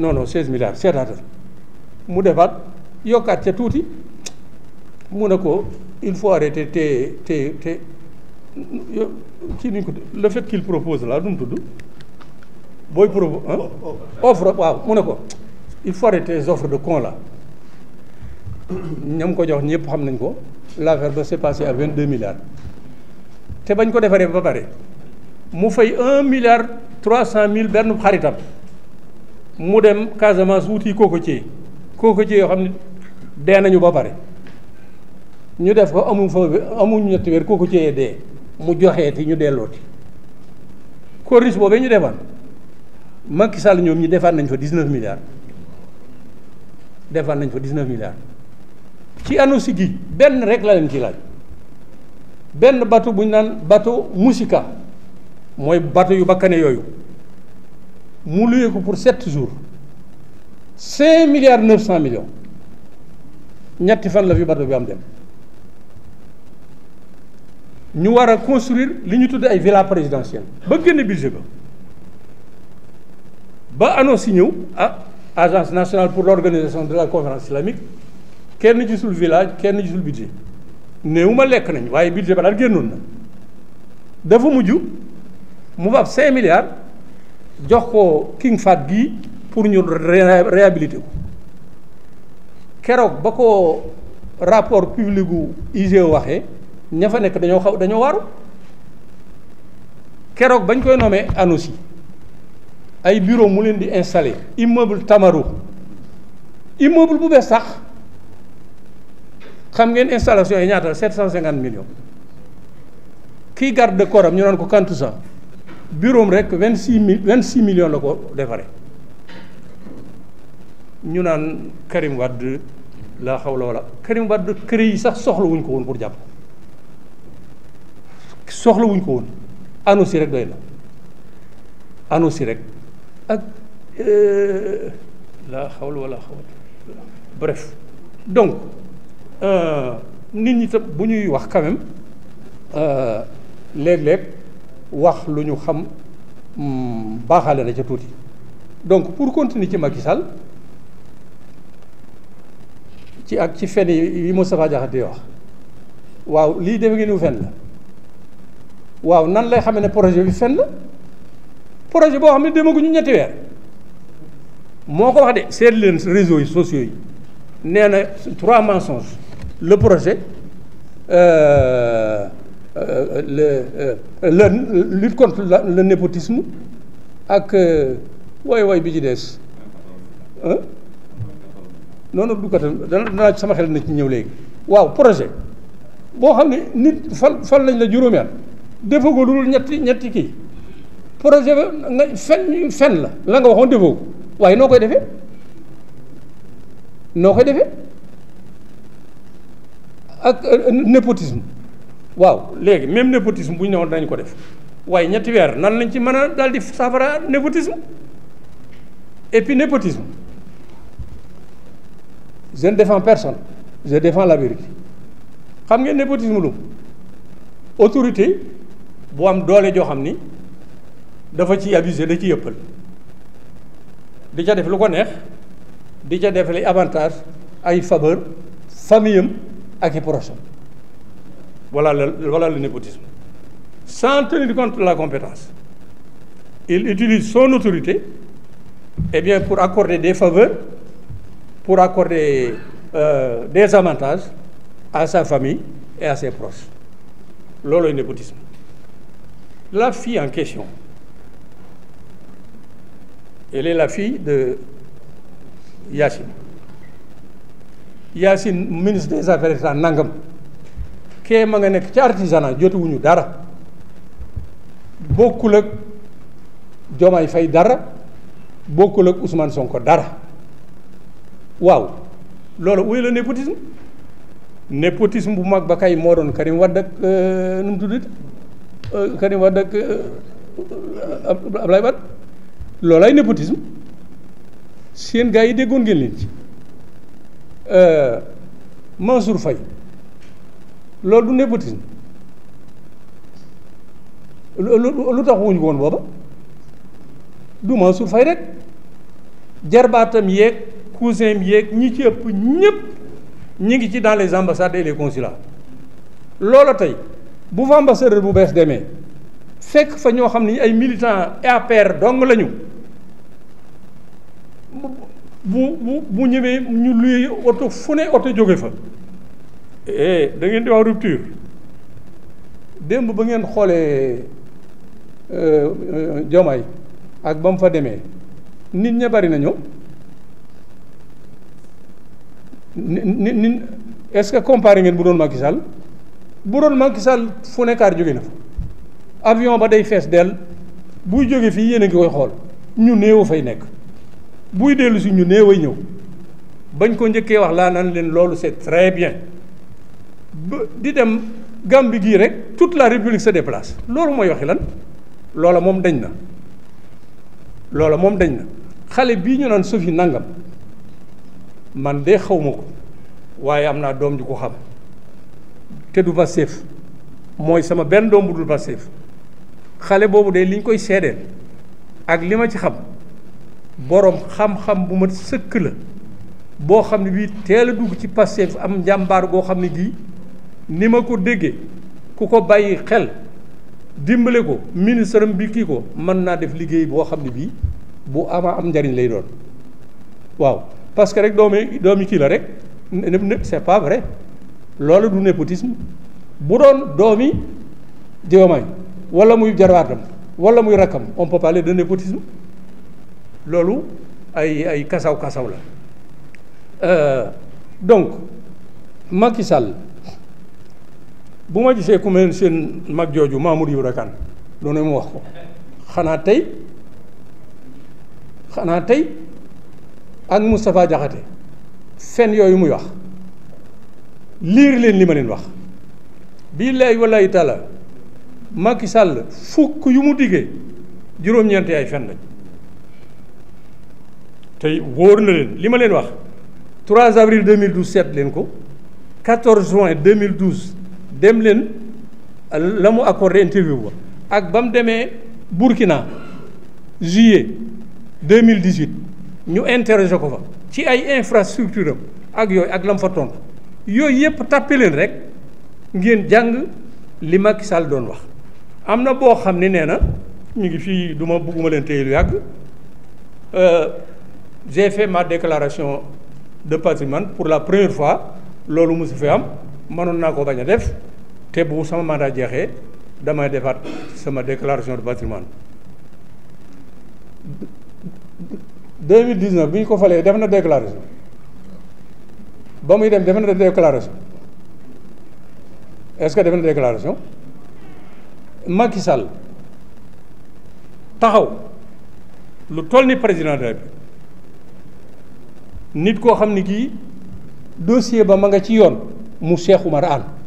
non non 16 milliards seetaatal mu defaat yokkaat ca tuuti mu ne ko il faut arrêter te te te kii nuñ ko le fait qu'il propose là tudd booy pro oh, oh. mu ne ko il faut arrêter les de con là ñam ko jox ñëpp xam nañ ko l'affaire ba s'est a à 22 milliards te bañ ko defaree ba pare mu fay 1 milliard cent mille benn xaritam mu dem Casamance wuti kooko cee kooko ci yoo xam ne dee nañu ba pare ñu def ko amul fa amuñ ñetti weer kooko cee dee mu joxeeti ñu dellooti corniche boobee ñu defaan Macky Sall ñoom ñi defaan nañ fa 19 milliards defan nañ fa 19 milliards ci ANOCI gi benn rek la leen ci laaj benn bateau bu ñu naan bateau Moussika mooy bateau yu bakkane yooyu mu luye ko pour sept jour cinq milliards neuf cent millions ñetti fan la fi bateau bi am dem ñu war a construire li ñu tudd ay villa présidentielle ba génn budget ba ba annonce yi ñëw ah agence nationale pour l'organisation de la conférence islamique kenn gisul village kenn gisul budget ma lekk nañu waaye budget ba daal génnoon na dafa mujj mu fa ab cinq milliards jox ko King fat gi pour ñu réhabilité ko keroog ba ko rapport public gu IGE waxee ña fa nekk dañoo xaw dañoo waaru keroog bañ koy nommé ANOCI ay bureau mu leen di installé immeuble Tamaro immeuble bu bees sax xam ngeen installation yi ñaata 750 millions kii garde corps am ñu naan ko Kantousa bureau am rek vingt six mille vingt six millions la ko defaree ñu naan Karim Wade laa xaw la wala Karim Wade kër yi sax soxla wuñ ko woon pour jàpp soxlawuñ ko woon annonce rek doy na annonce rek ak euh, laa xaw la wala xaw bref donc euh, nit ñi tam bu ñuy wax quand même euh, léeg wax lu ñu xam hmm, baaxale na ca tuuti donc pour continuer ci Macky Sall ci ak ci fen yi Moustapha Diakhaté di wax waaw lii defe ngeen fen la waaw nan lay xamee ne projet bi fen la projet boo xam ne demaguñu ñetti weer moo ko wax de seet leen réseaux yi sociaux yi nee na trois mensonges le projet. Euh, le euh, la le népotisme ak euh, wooy wooy bi ci des noonu du katal danaa sama xel na ñëw léegi waaw projet boo xam ne nit fal fal lañ la juróomi at defoo ko lu ñetti ñetti kii projet ba nga fen fen la la nga waxoon defoo ko waaye noo koy defee noo koy defee ak euh, népotisme waaw léegi même népotisme bu ñu newoon danañ ko def waaye ñetti weer nan lañu ci mën a daal di saafara népotisme et puis népotisme je ne défends personne je défends la vérité xam ngeen népotisme lu autorité boo am doole joo xam ni dafa ci abusé da ci yëppal di ca def lu ko neex di ca def li avantage ay faveur famille am ak i proches Voilà le, voilà le népotisme. Sans tenir compte de la compétence. Il utilise son autorité eh bien, pour accorder des faveurs, pour accorder euh, des avantages à sa famille et à ses proches. Loolu népotisme. La fille en question, elle est la fille de Yacine. Yacine, ministre des Affaires étrangères, nangam. kee ma nga nekk ci artisanat jotuwuñu dara bokkul ak Diomaye Faye dara bokkul ak Ousmane Sonko dara waaw loolu wuy la népotisme népotisme bu mag ba kay moo doon Karim Wade ak euh, nu mu tuddati euh, Karim Wade ak euh, Abdoulaye Wade loolu ay népotisme seen gars yi déggoon ngeen leen ci Mansour Faye loolu du népotisme lu tax wuñ ko woon booba du Mansour Faye rek jarbaatam yeeg cousin yeeg ñi ci ëpp ñëpp ñu ngi ci dans les ambassades et les consulats loola tey bu fa ambassadeur bu bees demee fekk fa ñoo xam ni ay militants APR dong lañu bu bu bu ñëwee ñu luy oto fu ne oto jóge fa eh da ngeen di wax rupture démb ba ngeen xoolee euh, Diomaye ak ba mu fa demee nit ña bari na ñëw nit nit est-ce que comparé ngeen bu doon Macky Sall bu doon Macky Sall fu nekkaar jóge na fa avion ba day fees dell buy jóge fii yéen a ngi koy xool ñu néew fay nekk buy dellu si ñu néew ay ñëw bañ ko njëkkee wax laa naan leen loolu c'est très bien di dem Gambie gii rek toute la république se place loolu mooy waxi lan loola moom dañ na loola moom dañ na xale bii ñu naan sufi nangam man de xaw ma ko waaye am naa doom ju ko xam te du Pastef mooy sama benn doom bu dul Pastef xale boobu de li ñu koy seedeel ak li ma ci xam boroom xam-xam bu ma sëkk la boo xam ne bii teel a dugg ci Pastef am njàmbaar goo xam ne gii ni ma ko déggee ku ko bàyyi xel dimbale ko ministre bi kii ko mën naa def liggéey boo xam ne bii bu ama am njariñ lay doon waaw parce que rek doomi doomi kii la rek nëpp c'est pas vrai loolu du népotisme bu doon doomi Diomaye walla muy jarwaatam wala muy rakkam on peut parler de népotisme loolu ay ay kasaw kasaw la euh, donc Macky Sall bu ma gisee ku seen mag jooju Mamour Ibra Kane doone mu wax ko xanaa tey xanaa tey ak Moustapha Diakhaté fen yooyu muy wax liir leen li ma leen wax billaay wallaay taala Macky Sall fukk yu mu diggee juróom-ñeenti ay fen lañ tey wóor na leen li ma leen wax 3 avril 2012 seet leen ko 14 juin 2012 dem leen la mu accordé interview ba ak ba mu demee Burkina juillet mille dix 2018 ñu interroger ko fa ci ay infrastructure am ak yooyu ak la mu fa tontu yooyu yëpp tàppe leen rek ngeen jàng li Macky Sall doon wax am na boo xam ne nee na ñu ngi fii duma bugguma leen téye yàgg euh, j'ai fait ma déclaration de patrimoine pour la première fois loolu mosu fi am mënoon naa ko bañ a def te bu sama mandat jeexee damay defaat sama déclaration de patrimoine 2019 bi ñu ko falee def na déclaration ba muy dem def na déclaration est-ce que def na déclaration Macky taxaw lu toll ni président de la nit koo xam ni kii dossier ba mu nga ci yoon mu Cheikh Oumar Anne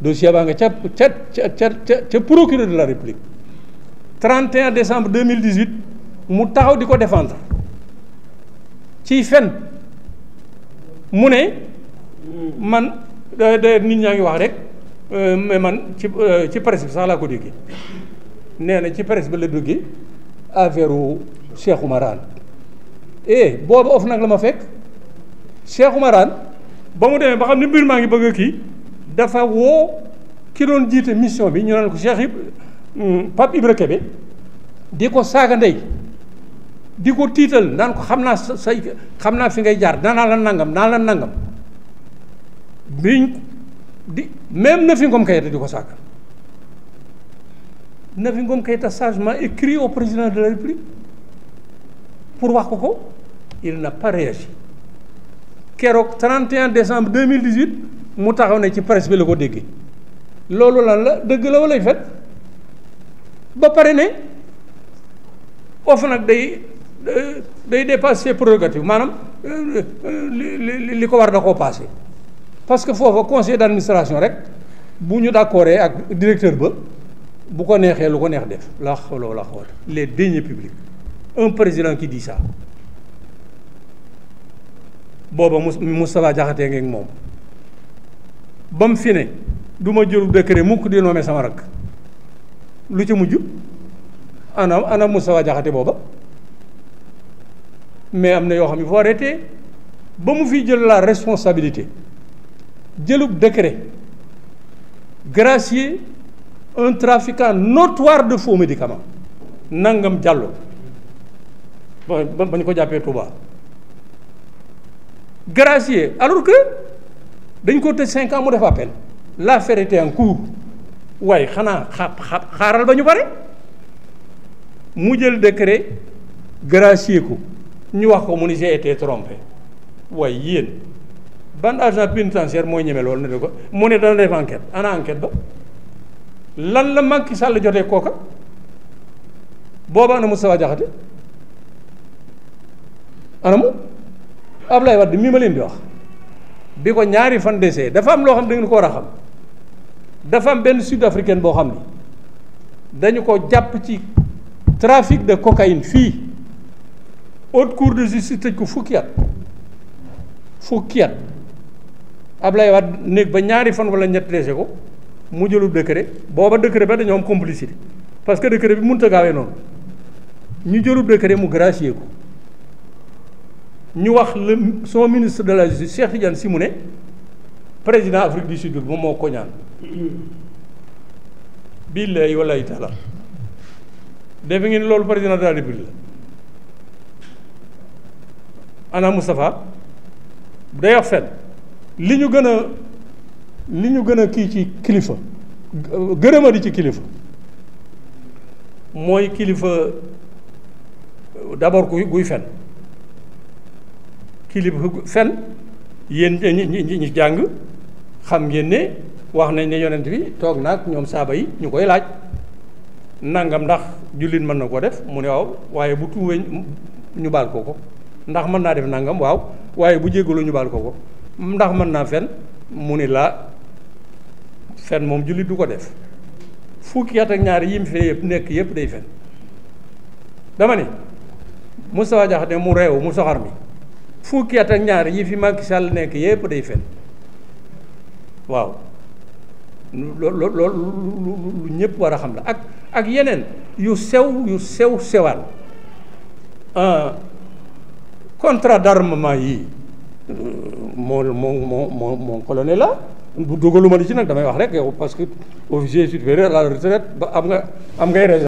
dossier baa nga ca ca ca ca ca procureur de la république 31 décembre 2018 mu taxaw di ko défendre ci fen mu ne man d'ailleurs nit ñaa ngi wax rek euh, mais man ci euh, ci presse bi sax laa ko déggee nee na ci presse bi la déggee affaire Cheikh Oumar Anne eh boobu of nag la ma fekk Cheikh Oumar Anne ba mu demee ba xam ni mbir maa ngi bëgg a kii. dafa woo ki jiite mission bi ñu naan ko seex Ibrahima Pape Ibra Kébé di ko saaga ndey di ko tiital naan ko xam naa say xam naa fi ngay jaar danaa la nangam naa la nangam biñ di même Nafi Ngom Keïta di ko saaga Nafi Ngom Keïta sagement écrit au président de la République pour wax ko ko il n'a pas réagi keroog 31 décembre 2018. mu taxaw ne ci presse bi la ko déggee loolu lan la dëgg la walay fet ba pare ne foofu nag day day dépasse ses prérogatives maanaam euh, euh, li li ko war da koo passé parce que foofa conseil d'administration rek bu ñu d'accord ak directeur ba bu ko neexee lu ko neex def la xawla wala xawata les deniers publics un président qui dit ça booba Moustapha Diakhaté ngeeg moom ba mu fi ne du ma jël décret mukk di nommé sama rakk lu ci mujj ana ana Moustapha Diakhaté booba mais am na yoo xam ne il faut arrêter ba mu fi jël la responsabilité jëlub décret gracier un trafiquant notoire de faux médicament nangam jàllo ba ba ñu ko jàppee Touba gracier alors que dañ ko te cinq ans mu def appel l'affaire était en cours waaye xanaa xa xaaral ba ñu bare mu jël décret gracier ko ñu wax ko mu ni j'ai été trompé waaye yéen ban agent pénitentiaire mooy ñeme loolu ne de ko mu ne dana def enquête ana enquête ba lan la Macky Sall jotee kooka booba ana Moustapha Diakhaté ana mu Abdoulaye Wade mii ma leen di wax bi ko ñaari fan desee dafa am loo xam da ngeen ko war a xam dafa am benn sud africaine boo xam ni dañu ko jàpp ci trafic de cocaïne fii haute cour de justice tëj ko fukki at fukki at Ablaye Wade néeg ba ñaari fan wala ñett dese ko mu jëlu décret booba décret ba dañoo am complicité parce que décret bi mënut a gaawee noonu ñu jëlu décret mu gracier ko. ñu wax le son ministre de la justice Cheikh Tidiane Simoné président Afrique du Sud bi moom moo ko ñaan billahi wallahi taala defe ngeen loolu président de la république la ana Moustapha day wax fen li ñu gën a li ñu gën a kii ci kilifa gërëma di ci kilifa mooy kilifa d'abord kuy guy fen kilifa fen yéen ñi ñi jàng xam ngeen ne wax nañ ne yonent bi toog naag ñoom saaba yi ñu koy laaj nangam ndax jullit mën na ko def mu ne waaw waaye bu tuubee ñu baal ko ko ndax mën naa def nangam waaw waaye bu jéggalu ñu baal ko ko ndax mën naa fen mu ni laa fen moom jullit du ko def fukki at ak ñaar yim fi yëpp nekk yëpp day fen dama ni Moustapha Diakhaté mu réew mu soxar mi fukki at ak ñaar yi fi Macky Sall nekk yépp day fen waaw loolu loolu lu ñëpp war a xam la ak ak yeneen yu sew yu sew sewaan ah, contrat d'armement yi moo moo moo moo colonel la bu dugaluma li ci nag damay wax rek yow parce que officier supérieur à la ba am nga am ngay raison